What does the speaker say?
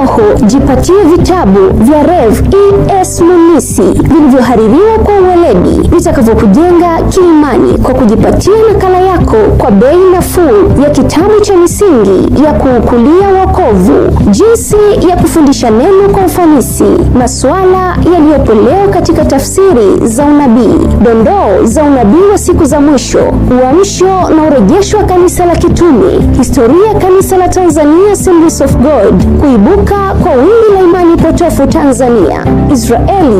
yako, jipatie vitabu vya Rev E. S halisi vilivyohaririwa kwa uweledi vitakavyokujenga kiimani kwa kujipatia nakala yako kwa bei nafuu ya kitabu cha Misingi ya Kuukulia Wokovu, Jinsi ya Kufundisha Neno kwa Ufanisi, Masuala Yaliyopolewa katika Tafsiri za Unabii, Dondoo za Unabii wa Siku za Mwisho, Uamsho na Urejesho wa Kanisa la Kitume, Historia ya Kanisa la Tanzania Assemblies of God, Kuibuka kwa Wingi la Imani Potofu Tanzania, Israeli